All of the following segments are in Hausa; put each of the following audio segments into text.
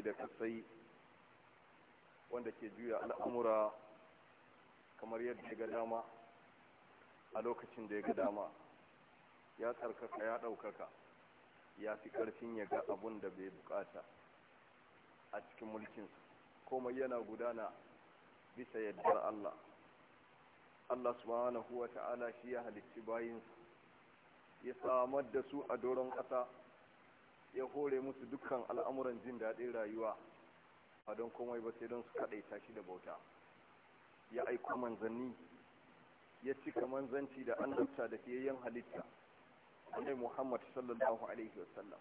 aiki da kasai wanda ke juya al'amura kamar yadda ya ga dama a lokacin da ya ga dama ya tsarkaka ya ɗaukaka ya fi ƙarfin ya ga abun da bai bukata a cikin mulkinsa komai yana gudana bisa yadda Allah Allah subhanahu wa ta'ala shi ya halicci bayinsa ya samar da su a doron ƙasa ya hore musu dukkan al'amuran jin daɗin rayuwa a don komai ba sai don su kaɗai tashi da bauta ya aiko manzanni ya cika manzanci da an annabta da fiyayyen halitta annai muhammad sallallahu alaihi wasallam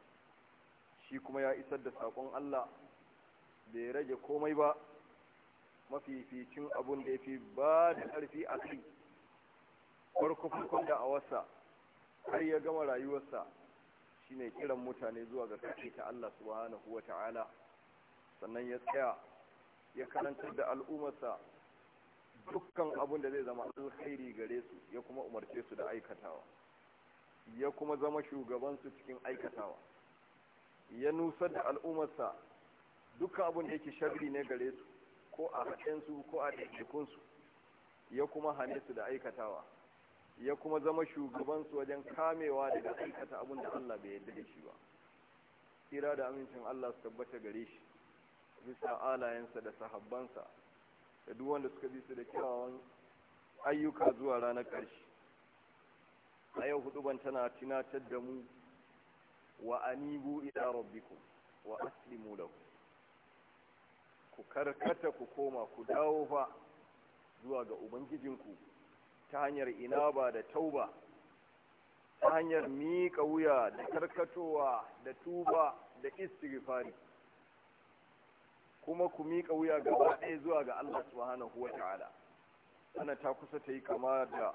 shi kuma ya isar da saƙon allah bai rage komai ba mafificin abin da ya fi ba da ƙarfi a kai farko farkon da a wasa har ya gama rayuwarsa shine kiran mutane zuwa ga ta Allah subhanahu wa ta'ala sannan ya tsaya ya karantar da al'ummarsa dukkan abin da zai zama alkhairi gare su ya kuma umarce su da aikatawa ya kuma zama shugaban su cikin aikatawa ya nusar da al'ummarsa dukkan abin da yake sharri ne gare su ko a haɗensu ko a ɗaiɗaikunsu ya kuma hane su da aikatawa ya kuma zama shugabansu wajen kamewa daga aikata abin da Allah bai yarda da shi ba kira da amincin Allah su tabbata gare shi bisa alayensa da sahabbansa da duk wanda suka bi su da kirawan ayyuka zuwa ranar ƙarshe a yau hudu ban tana tunatar da mu wa anibu ila rabbikum wa aslimu lahu ku karkata ku koma ku dawo fa zuwa ga ubangijinku ta hanyar ina ba da tauba ta hanyar miƙa wuya da karkatowa da tuba da istighfari kuma ku miƙa wuya gaba ɗaya zuwa ga Allah subhanahu wata'ala ana ta kusa ta yi kama da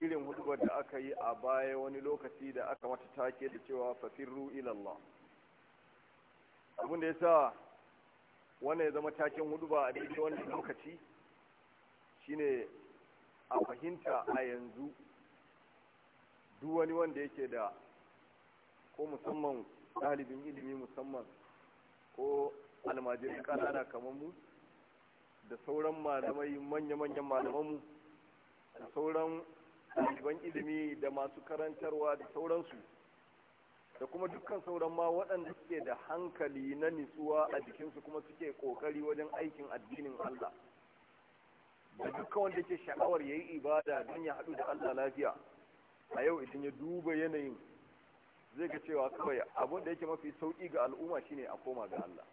irin hudubar da aka yi a baya wani lokaci da aka mata take da cewa fafirru ilallah abin da ya sa wannan ya zama taken huduba a daidai wani lokaci shine a fahimta a yanzu duk wani wanda yake da ko musamman ɗalibin ilimi musamman ko almajirin ƙanana kamar mu da sauran malamai manya-manyan malamanmu da sauran ɗaliban ilimi da masu karantarwa da sauransu da kuma dukkan sauran ma waɗanda suke da hankali na nitsuwa a jikinsu kuma suke ƙoƙari wajen aikin addinin Allah da dukkan wanda yake sha'awar yayi ibada don ya haɗu da Allah lafiya a yau idan ya duba yanayin zai ga cewa kawai abin da yake mafi sauƙi ga al'umma shine a koma ga Allah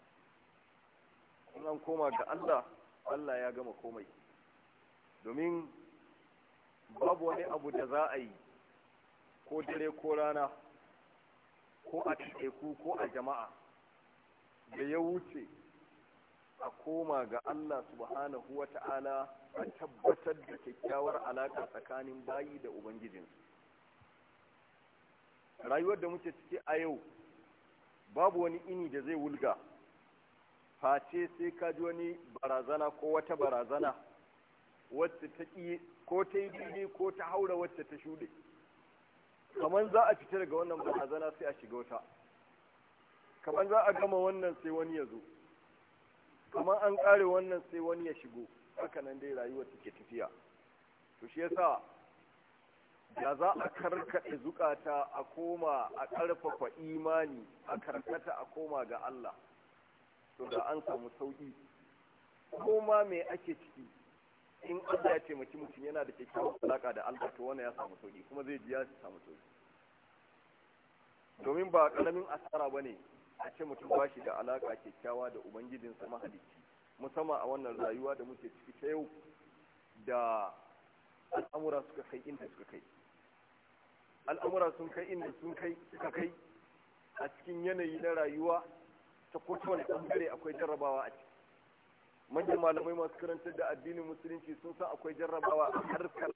in an koma ga Allah Allah ya gama komai domin babu wani abu da za a yi ko dare ko rana ko a teku ko a jama'a da ya wuce a koma ga Allah subhanahu wa ta'ala a tabbatar da kyakkyawar alaƙa tsakanin bayi da Ubangijinsu. Rayuwar da muke ciki a yau, babu wani ini da zai wulga, face sai ka ji wani barazana ko wata barazana wacce ta ƙi ko ta yi ko ta haura wacce ta shuɗe. Kamar za a fita daga wannan barazana sai a shiga wata. Kamar za a gama wannan sai wani ya zo. kamar an kare wannan sai wani ya shigo haka nan dai rayuwar take tafiya to shi yasa da za a karkata zukata a koma a karfafa imani a karkata a koma ga Allah to da an samu sauki koma me ake ciki in Allah ya taimaki mutum yana da kyakkyawar alaka da Allah to wannan ya samu sauki kuma zai ji ya samu sauki domin ba karamin asara bane a ce mutum ba shi da alaka kyakkyawa da ubangijinsa mahalicci musamman a wannan rayuwa da muke ciki ta yau da al'amura suka kai inda suka kai al'amura sun kai inda sun kai suka kai a cikin yanayi na rayuwa ta kowane bangare akwai jarrabawa a ciki manyan malamai masu karantar da addinin musulunci sun san akwai jarrabawa a harkar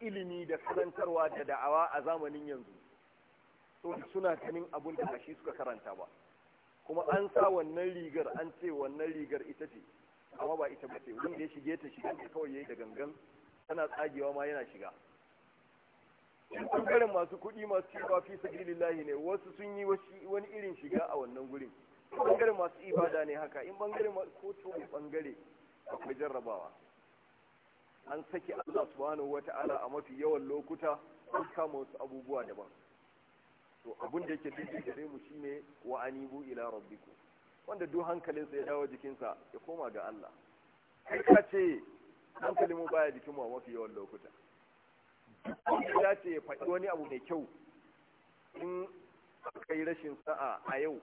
ilimi da karantarwa da da'awa a zamanin yanzu suna ganin abun da shi suka karanta ba kuma an sa wannan rigar an ce wannan rigar ita ce amma ba ita ba ce wanda ya shige ta shiga ne kawai ya yi da gangan tana tsagewa ma yana shiga in bangaren masu kuɗi masu cewa fi sabilillahi ne wasu sun yi wani irin shiga a wannan gurin in bangaren masu ibada ne haka in bangaren ko to bangare akwai jarrabawa an saki Allah subhanahu wata'ala a mafi yawan lokuta an kama wasu abubuwa daban to abin da yake duk gare mu shine wa anibu ila rabbiku wanda duk hankalinsa ya dawo jikinsa ya koma ga Allah kai ka ce hankalin mu baya jikin mu a mafi yawan lokuta wanda ya ce ya faɗi wani abu mai kyau in kai rashin sa'a a yau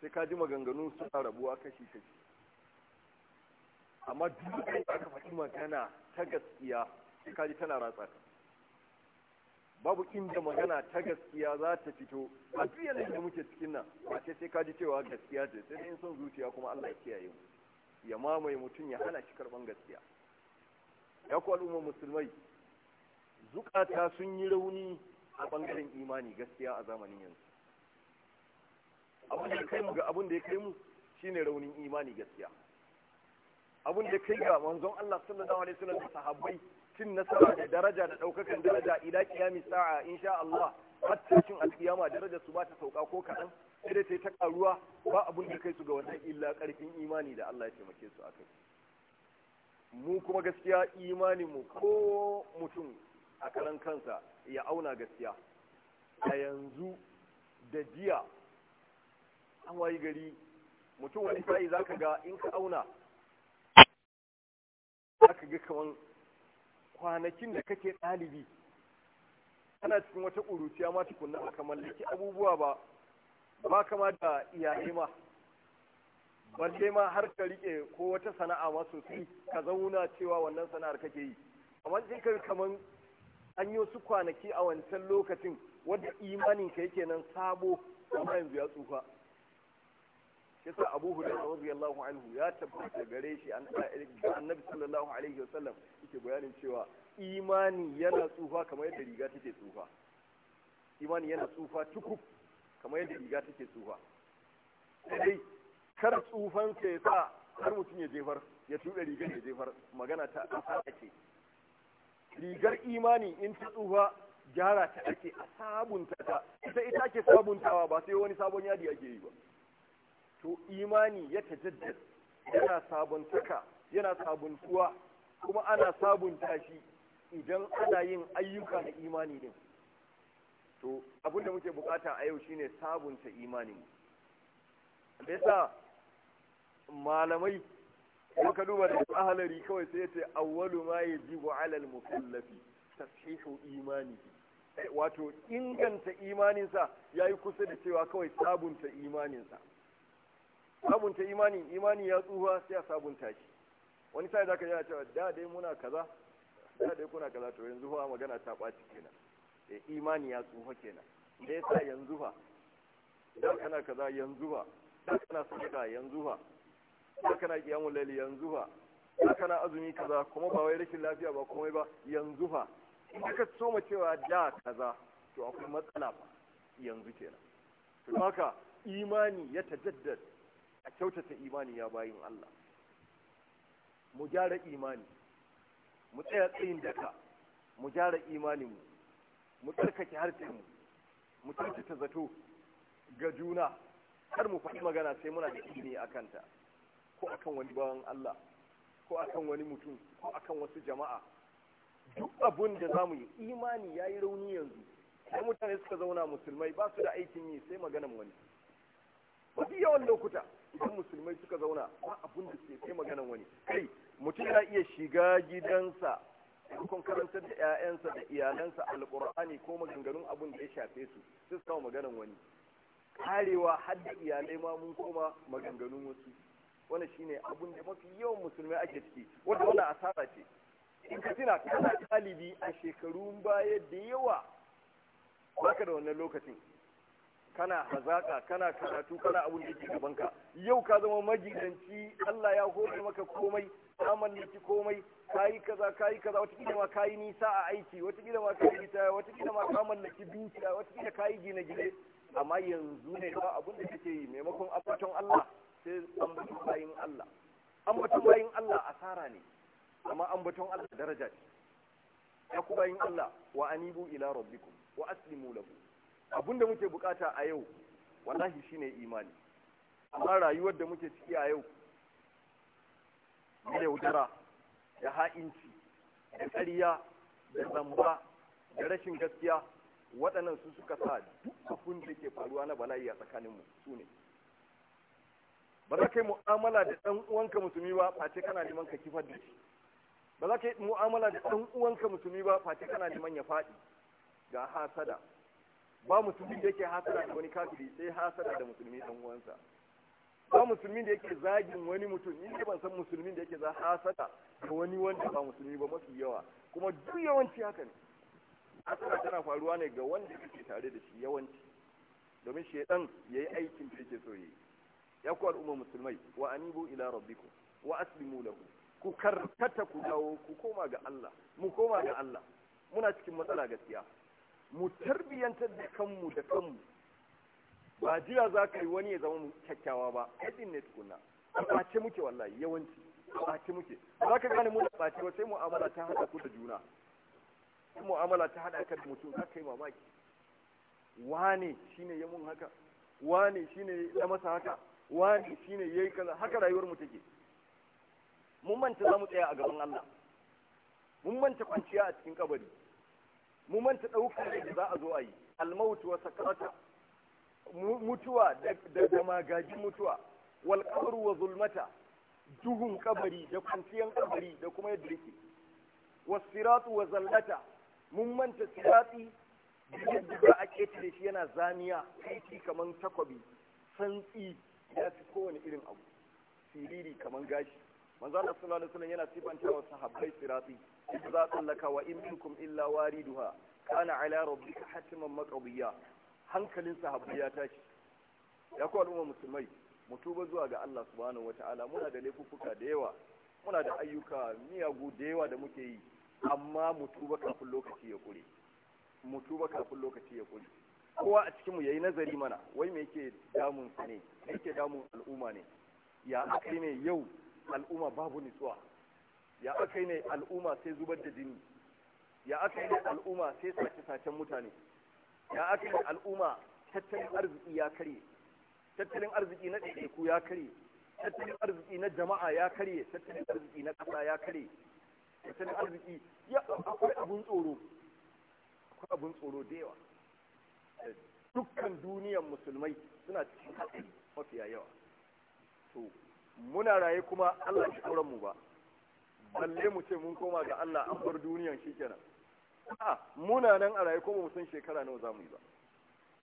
sai ka ji maganganu suna rabuwa kashi kashi amma duk da aka faɗi magana ta gaskiya sai ka ji tana ratsa ka babu inda magana ta gaskiya za ta fito a duk da muke cikin nan ba ce sai kaji cewa gaskiya ce sai dai son zuciya kuma Allah ya kiyaye mu ya mamaye mutum ya hana shi karban gaskiya ya ku al'ummar musulmai zukata sun yi rauni a bangaren imani gaskiya a zamanin yanzu abin da ya kai mu ga abin da ya kai mu shine raunin imani gaskiya abin da kai ga manzon Allah sallallahu alaihi wasallam sahabbai cin nasara da daraja da ɗaukakan daraja ila kiyami sa'a sha Allah har cikin alkiyama daraja su ba ta sauka ko kaɗan sai da ta karuwa ba abun da kai su ga wannan illa ƙarfin imani da Allah ya taimake su akai mu kuma gaskiya imanin mu ko mutum a karan kansa ya auna gaskiya a yanzu da jiya an wayi gari mutum wani sa'i zaka ga in ka auna zaka ga kaman kwanakin da kake ɗalibi ana cikin wata ƙuruciya ma tukunna ba kamar laki abubuwa ba ba kama da iyaye ma balle ma har ka riƙe ko wata sana'a ma sosai ka zauna cewa wannan sana'ar kake yi amma sai ka kaman an yi wasu kwanaki a wancan lokacin wanda imanin ka yake nan sabo amma yanzu ya tsufa yasa abu hurairah Allahu anhu ya tabbata gare shi an da annabi sallallahu alaihi wasallam yake bayanin cewa imani yana tsufa kamar yadda riga take tsufa imani yana tsufa tukub kamar yadda riga take tsufa sai kar tsufan sa ya sa har mutum ya jefar ya tuɗe rigar ya jefar magana ta asa ake rigar imani in ta tsufa gyara ta ake a sabunta ta ita ita ke sabuntawa ba sai wani sabon yadi ake yi ba to imani ya tajaddad yana sabuntaka yana sabuntuwa kuma ana sabunta shi idan ana yin ayyuka na imani din to abinda muke bukata a yau shine sabunta imanin me yasa malamai in ka duba da ahalari kawai sai yace awwalu ma yajibu ala al-mukallafi tashihu imani wato inganta imaninsa yayi kusa da cewa kawai sabunta imaninsa sabunta imani imani ya tsufa sai a sabunta shi wani sai zaka a cewa da dai muna kaza da dai kuna kaza to yanzu fa magana ta ɓaci kenan eh imani ya tsufa kenan da sai yanzu fa da kana kaza yanzu fa da kana sadaka yanzu fa da kana qiyamul layli yanzu fa da kana azumi kaza kuma ba wai rashin lafiya ba komai ba yanzu fa in ka soma cewa da kaza to akwai matsala fa yanzu kenan to haka imani ya tajaddada a kyautata imani ya bayin Allah mu gyara imani mu tsaya tsayin daka mu gyara imaninmu mu tsarkake harkarmu mu mu tsarkake zato ga juna kar mu faɗi magana sai muna da ilimi a kanta ko akan wani bawan Allah ko akan wani mutum ko akan wasu jama'a duk abun da za mu yi imani ya yi rauni yanzu sai mutane suka zauna musulmai ba su da aikin yi sai maganan wani mafi yawan lokuta idan musulmai suka zauna ba abin da ke sai maganan wani kai mutum yana iya shiga gidansa kun karantar da 'ya'yansa da iyalansa alƙur'ani ko maganganun abin da ya shafe su sai su kawo maganan wani karewa har da iyalai ma mun koma maganganun wasu wannan shine abin da mafi yawan musulmai ake ciki wanda wannan asara ce in ka tuna kana talibi a shekarun baya da yawa baka da wannan lokacin kana hazaka kana karatu kana abun da yake gabanka yau ka zama magidanci Allah ya hore maka komai ka mallaki komai kayi kaza kayi kaza wata kila ma kayi nisa a aiki wata kila ma kayi gita wata kila ma ka mallaki dukiya wata kila kayi gine gine amma yanzu ne ba abun da kake yi maimakon abaton Allah sai ambaton bayin Allah ambaton bayin Allah asara ne amma ambaton Allah daraja ce ya ku bayin Allah wa anibu ila rabbikum wa aslimu lahu abin da muke bukata a yau wallahi shine imani amma rayuwar da muke ciki a yau da yaudara da ha'inci da ƙarya da zamba da rashin gaskiya waɗannan su suka sa duk abin da ke faruwa na bala'i a tsakaninmu su ne ba za ka yi mu'amala da ɗan uwanka musulmi ba face kana neman ka kifar da shi ba za ka yi mu'amala da ɗan uwanka musulmi ba face kana neman ya faɗi ga hasada ba musulmin da yake hasara da wani kafiri sai hasara da musulmi dan uwansa ba musulmin da yake zagin wani mutum ni ban san musulmin da yake za hasara da wani wanda ba musulmi ba mafi yawa kuma duk yawanci haka ne hasara tana faruwa ne ga wanda kake tare da shi yawanci domin shedan yayi aikin da yake so yi ya ku al'umma musulmai wa anibu ila rabbikum wa aslimu lahu ku karkata ku dawo ku koma ga Allah mu koma ga Allah muna cikin matsala gaskiya mu tarbiyantar da kanmu da kanmu ba jira za ka yi wani ya zama kyakkyawa ba kaɗin ne tukuna ɓace muke wallahi yawanci ɓace muke za ka gane muna ɓace wa sai mu'amala ta haɗa ku da juna sai mu'amala ta haɗa ka da mutum za ka yi mamaki wane ne ya mun haka wane ne ya masa haka wane ya yi kaza haka rayuwar mu take mun manta za mu tsaya a gaban Allah mun manta kwanciya a cikin kabari mu manta ɗaukar da za a zo a yi almautu wa sakarata mutuwa da magajin mutuwa wal qabru wa zulmata duhun kabari da kwanciyan kabari da kuma yadda yake siratu wa zallata mun manta sirati da yadda a ketare shi yana zaniya aiki kamar takwabi santsi ya fi kowane irin abu siriri kamar gashi manzo Allah sallallahu alaihi wasallam yana sifanta wa sahabbai sirati idza tallaka wa in minkum illa wariduha kana ala rabbika hatiman maqdiya hankalin sahabbai ya tashi ya ku al'umma musulmai mu zuwa ga Allah subhanahu wataala muna da laifuffuka da yawa muna da ayyuka miyagu da yawa da muke yi amma mu kafin lokaci ya kure mu kafin lokaci ya kure kowa a cikinmu ya yi nazari mana wai me yake damun sa yake damun al'umma ne ya aka ne yau al'umma babu nitsuwa ya aka ne al'umma sai zubar da jini ya aka ne al'umma sai sace-sacen mutane ya aka ne al'umma tattalin arziki ya karye tattalin arziki na ɗaiɗaiku ya karye tattalin arziki na jama'a ya karye tattalin arziki na ƙasa ya karye tattalin arziki ya akwai abun tsoro akwai abun tsoro da yawa dukkan duniyar musulmai suna cikin haɗari mafiya yawa to muna raye kuma Allah shi auren mu ba balle mu ce mun koma ga Allah an bar duniyan kenan a muna nan a raye kuma mu san shekara nawa zamu yi ba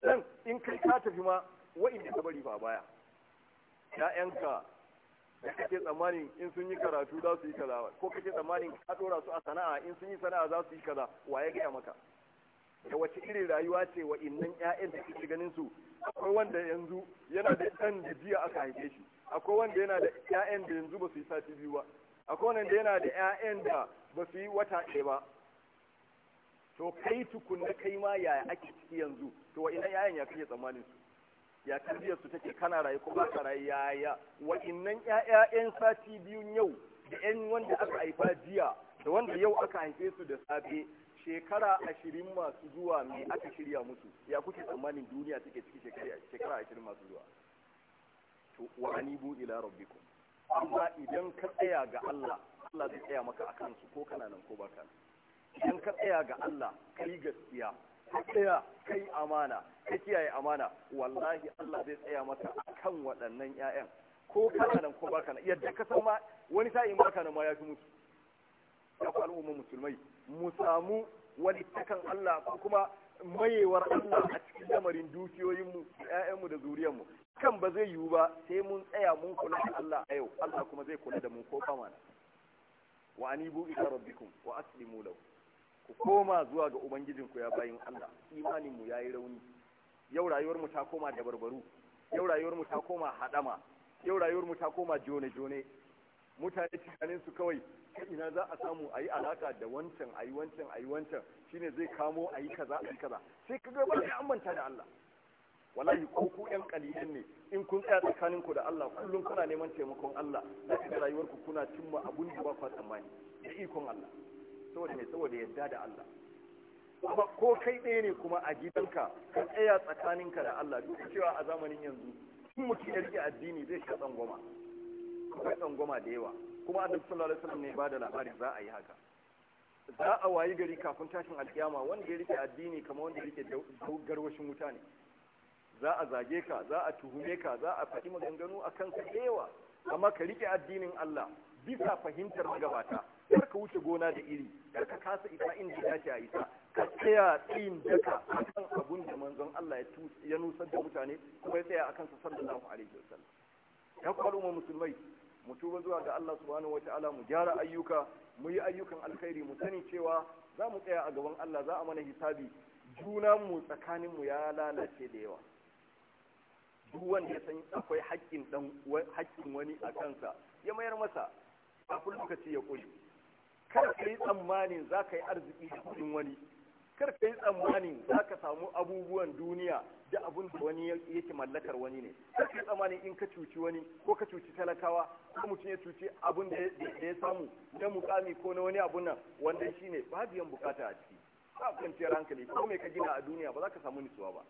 dan in kai ka tafi ma wa'inda ka bari ba baya ya'yanka da kake tsammanin in sun yi karatu za su yi kaza ko kake tsammanin ka dora su a sana'a in sun yi sana'a za su yi kaza waye gaya maka da wace irin rayuwa ce wa innan ƴaƴan da kike ganin su akwai wanda yanzu yana da ɗan da jiya aka haife shi akwai wanda yana da ƴaƴan da yanzu ba su yi sati biyu ba akwai wanda yana da ƴaƴan da ba su yi wata ɗaya ba to kai tukunna kai ma yaya ake ciki yanzu to ina ƴaƴan ya kake tsammanin su ya tarbiyar su take kana raye ko ba ka raye yaya innan ƴaƴan sati biyun yau da 'yan wanda aka haifa jiya da wanda yau aka haife su da safe shekara ashirin masu zuwa me aka shirya musu ya kuke tsammanin duniya take ciki shekara ashirin masu zuwa to wa anibu ila rabbikum amma idan ka tsaya ga Allah Allah zai tsaya maka akan su ko kana nan ko baka nan idan ka tsaya ga Allah kai gaskiya ka tsaya kai amana ka kiyaye amana wallahi Allah zai tsaya maka akan waɗannan 'ya'yan ko kana nan ko baka nan yadda ka san ma wani sa'in baka nan ma ya fi mutu ya ku al'umma musulmai mu samu wani takan Allah ko kuma mayewar Allah a cikin lamarin dukiyoyinmu ƴaƴanmu da zuriyarmu kan ba zai yiwu ba sai mun tsaya mun kula da Allah a yau Allah kuma zai kula da mu ko kama na wa anibu ila rabbikum wa aslimu lahu ku koma zuwa ga ubangijinku ya bayin Allah Imaninmu mu yayi rauni yau rayuwar mu ta koma da yau rayuwar mu ta koma hadama yau rayuwar ta koma jone jone mutane tunanin su kawai ta ina za a samu a yi alaka da wancan a yi wancan a yi wancan shi ne zai kamo a yi kaza a yi kaza sai ka gaba da an manta da Allah wallahi ko ku yan kalilin ne in kun tsaya tsakanin ku da Allah kullum kuna neman taimakon Allah za ka ga rayuwar ku kuna cimma abun da ba ku tsammani da ikon Allah saboda me saboda yadda da Allah kuma ko kai ɗaya ne kuma a gidanka ka tsaya tsakaninka da Allah duk cewa a zamanin yanzu in mutum ya rike addini zai sha tsangwama akwai tsangwama da yawa kuma da sallallahu alaihi wasallam ne ba da labari za a yi haka za a wayi gari kafin tashin alkiyama wanda ya rike addini kamar wanda ya rike garwashin wuta ne za a zage ka za a tuhume ka za a faɗi maganganu a kanka yawa amma ka rike addinin Allah bisa fahimtar gabata. kar ka wuce gona da iri kar ka kasa isa inda ya ce a isa ka tsaya tsayin daka akan abun da manzon Allah ya nusar da mutane kuma ya tsaya akan sa sallallahu alaihi wasallam ya kwaro musulmai mu tuba zuwa ga Allah subhanahu wataala mu gyara ayyuka mu yi ayyukan alkhairi mu sani cewa za mu tsaya a gaban Allah za a mana hisabi juna mu tsakanin mu ya lalace da yawa duk wanda ya san akwai haƙƙin dan haƙƙin wani a kansa ya mayar masa a lokaci ya koyi kar ka yi tsammanin za ka yi arziki da kuɗin wani kar ka yi tsammanin za ka samu abubuwan duniya da abun da wani yake mallakar wani ne kai tsamanin in ka cuci wani ko ka cuci talakawa ko mutum ya cuci abun da ya samu na mukami ko na wani abun nan wannan ne ba biyan bukata a ciki ba kwanciyar hankali ko mai ka gina a duniya ba za ka samu nutsuwa ba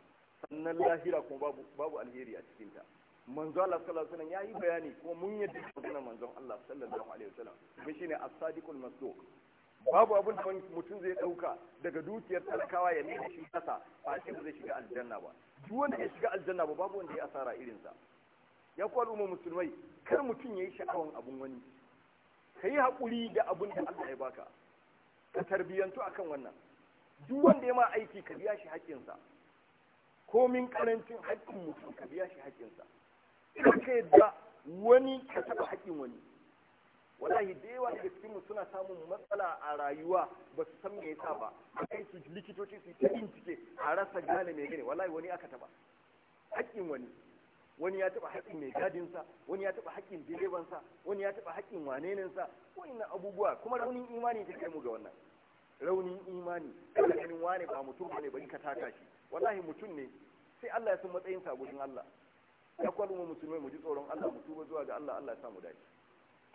sannan lahira kuma babu alheri a cikin ta manzo Allah sallallahu alaihi wasallam yayi bayani kuma mun yadda maganar manzon Allah sallallahu alaihi wasallam shine as-sadiqul masduq babu abin da mutum zai dauka daga dukiyar talakawa ya nuna shi kasa ba sai zai shiga aljanna ba duk wanda ya shiga aljanna ba babu wanda ya asara irin sa ya ku al'umma musulmai kar mutum ya yi sha'awan abun wani ka yi haƙuri da abun da Allah ya baka ka tarbiyantu akan wannan duk wanda ya ma aiki ka biya shi Ko komin karancin haƙƙin mutum ka biya shi haƙƙinsa kar ka wani ka taɓa haƙƙin wani wallahi da yawa daga cikin mu suna samun matsala a rayuwa ba su san me yasa ba akai su likitoci su ta bincike a rasa gane mai gane wallahi wani aka taba haƙƙin wani wani ya taba haƙƙin mai gadinsa wani ya taba haƙƙin direbansa wani ya taba haƙƙin waneninsa wannan abubuwa kuma raunin imani ta kai mu ga wannan raunin imani kada ganin wane ba mutum bane bari ka taka shi wallahi mutum ne sai Allah ya san matsayin sa gurin Allah ya kwalmu musulmai mu ji tsoron Allah mu tuba zuwa ga Allah Allah ya samu dace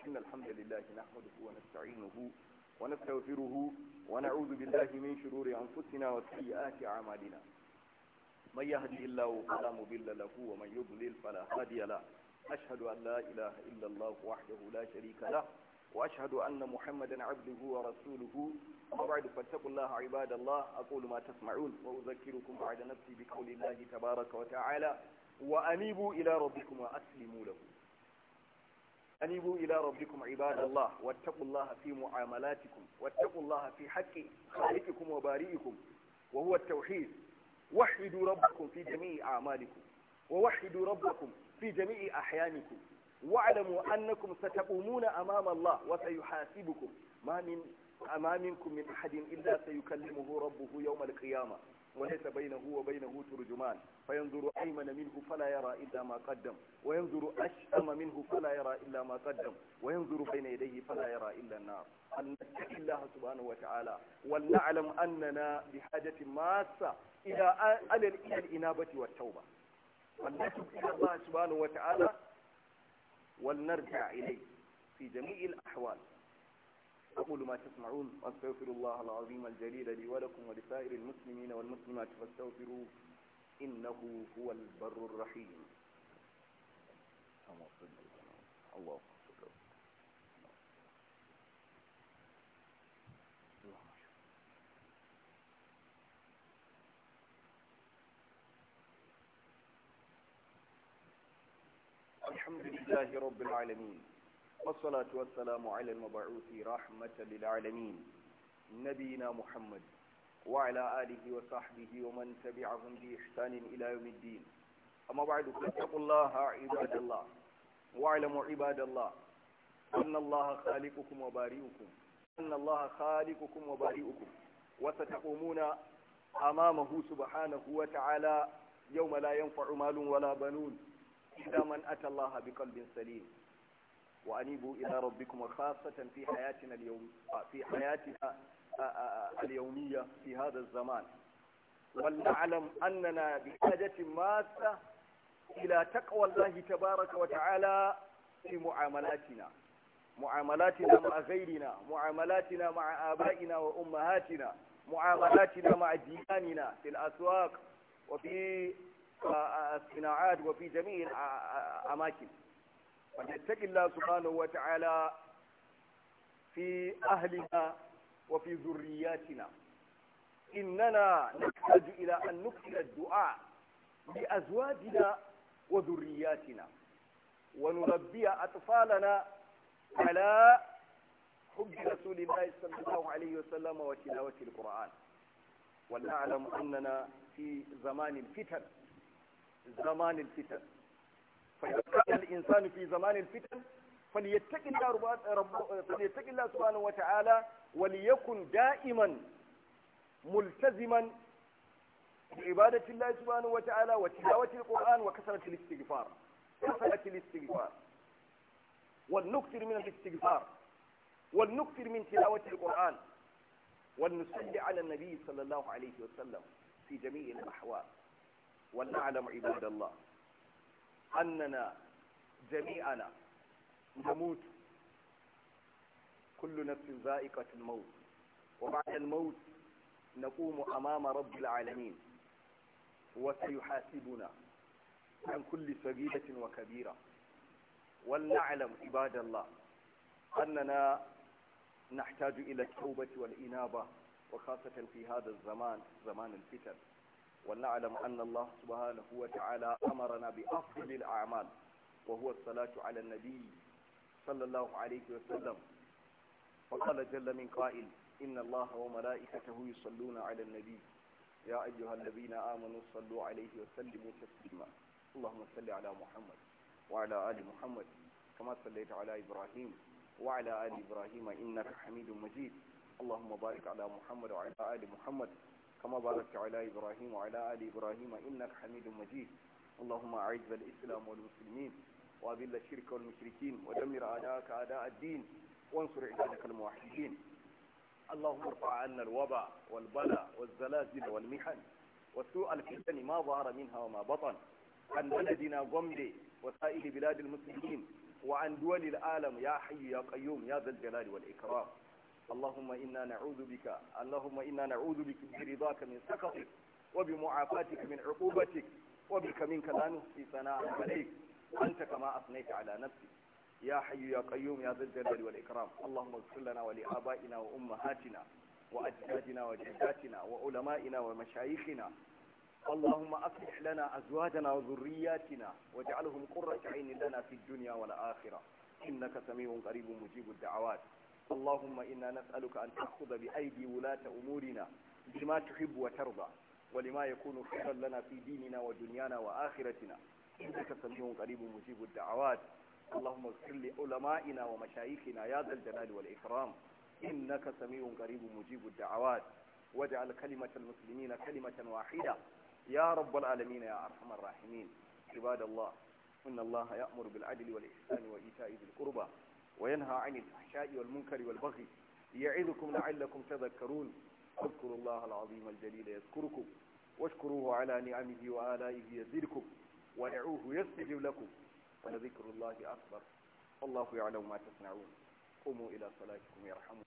إن الحمد لله نحمده ونستعينه ونستغفره ونعوذ بالله من شرور أنفسنا وسيئات أعمالنا من يهدي الله فلا مضل له ومن يضلل فلا هادي له أشهد أن لا إله إلا الله وحده لا شريك له وأشهد أن محمدا عبده ورسوله وبعد فاتقوا الله عباد الله أقول ما تسمعون وأذكركم بعد نفسي بقول الله تبارك وتعالى وأنيبوا إلى ربكم وأسلموا له أنيبوا إلى ربكم عباد الله واتقوا الله في معاملاتكم واتقوا الله في حق خالقكم وبارئكم وهو التوحيد وحدوا ربكم في جميع أعمالكم ووحدوا ربكم في جميع أحيانكم واعلموا أنكم ستقومون أمام الله وسيحاسبكم ما من أمامكم من أحد إلا سيكلمه ربه يوم القيامة وليس بينه وبينه ترجمان فينظر أيمن منه فلا يرى إلا ما قدم وينظر أشأم منه فلا يرى إلا ما قدم وينظر بين يديه فلا يرى إلا النار أن نتقي الله سبحانه وتعالى ولنعلم أننا بحاجة ماسة إلى إلى الإنابة والتوبة فلنتب إلى الله سبحانه وتعالى ولنرجع إليه في جميع الأحوال أقول ما تسمعون وأستغفر الله العظيم الجليل لي ولكم ولسائر المسلمين والمسلمات فاستغفروه إنه هو البر الرحيم الله الحمد لله رب العالمين والصلاة والسلام على المبعوث رحمة للعالمين نبينا محمد وعلى آله وصحبه ومن تبعهم بإحسان إلى يوم الدين أما بعد فاتقوا الله عباد الله واعلموا عباد الله أن الله خالقكم وبارئكم أن الله خالقكم وبارئكم وستقومون أمامه سبحانه وتعالى يوم لا ينفع مال ولا بنون إلا من أتى الله بقلب سليم وأنيبوا إلى ربكم وخاصة في حياتنا اليوم في حياتنا آه، آه، آه، اليومية في هذا الزمان ولنعلم أننا بحاجة ماسة إلى تقوى الله تبارك وتعالى في معاملاتنا معاملاتنا مع غيرنا معاملاتنا مع آبائنا وأمهاتنا معاملاتنا مع دياننا في الأسواق وفي الصناعات وفي جميع الأماكن وليتقي الله سبحانه وتعالى في أهلنا وفي ذرياتنا إننا نحتاج إلى أن نكثر الدعاء لأزواجنا وذرياتنا ونربي أطفالنا على حب رسول الله صلى الله عليه وسلم وتلاوة القرآن ونعلم أننا في زمان الفتن زمان الفتن فإذا الإنسان في زمان الفتن فليتقي الله فليتقي الله سبحانه وتعالى وليكن دائما ملتزما بعبادة الله سبحانه وتعالى وتلاوة القرآن وكثرة الاستغفار كثرة الاستغفار ولنكثر من الاستغفار ولنكثر من تلاوة القرآن ولنصلي على النبي صلى الله عليه وسلم في جميع الأحوال ولنعلم عباد الله أننا جميعنا نموت كل نفس ذائقة الموت وبعد الموت نقوم أمام رب العالمين وسيحاسبنا عن كل صغيرة وكبيرة ولنعلم عباد الله أننا نحتاج إلى التوبة والإنابة وخاصة في هذا الزمان زمان الفتن ونعلم أن الله سبحانه وتعالى أمرنا بأفضل الأعمال وهو الصلاة على النبي صلى الله عليه وسلم وقال جل من قائل إن الله وملائكته يصلون على النبي يا أيها الذين آمنوا صلوا عليه وسلموا تسليما اللهم صل على محمد وعلى آل محمد كما صليت على إبراهيم وعلى آل إبراهيم إنك حميد مجيد اللهم بارك على محمد وعلى آل محمد كما باركت على إبراهيم وعلى آل إبراهيم إنك حميد مجيد اللهم أعز الإسلام والمسلمين وأذل الشرك والمشركين ودمر أعداءك أعداء الدين وانصر عبادك الموحدين اللهم ارفع عنا الوباء والبلاء والزلازل والمحن وسوء الفتن ما ظهر منها وما بطن عن بلدنا غمدي وسائر بلاد المسلمين وعن دول العالم يا حي يا قيوم يا ذا الجلال والإكرام اللهم إنا نعوذ بك اللهم إنا نعوذ بك برضاك من سخطك وبمعافاتك من عقوبتك وبك منك لا نحصي ثناء عليك أنت كما أثنيت على نفسك يا حي يا قيوم يا ذا الجلال والإكرام اللهم اغفر لنا ولآبائنا وأمهاتنا وأجدادنا وجداتنا وعلمائنا ومشايخنا اللهم أصلح لنا أزواجنا وذرياتنا واجعلهم قرة عين لنا في الدنيا والآخرة إنك سميع قريب مجيب الدعوات اللهم إنا نسألك أن تأخذ بأيدي ولاة أمورنا بما تحب وترضى ولما يكون خيرا لنا في ديننا ودنيانا وآخرتنا إنك سميع قريب مجيب الدعوات اللهم اغفر لعلمائنا ومشايخنا يا ذا الجلال والإكرام إنك سميع قريب مجيب الدعوات واجعل كلمة المسلمين كلمة واحدة يا رب العالمين يا أرحم الراحمين عباد الله إن الله يأمر بالعدل والإحسان وإيتاء ذي القربى وينهى عن الفحشاء والمنكر والبغي يعظكم لعلكم تذكرون اذكروا الله العظيم الجليل يذكركم واشكروه على نعمه وآلائه يزدكم ودعوه يستجب لكم ولذكر الله أكبر والله يعلم ما تصنعون قوموا إلى صلاتكم يرحمكم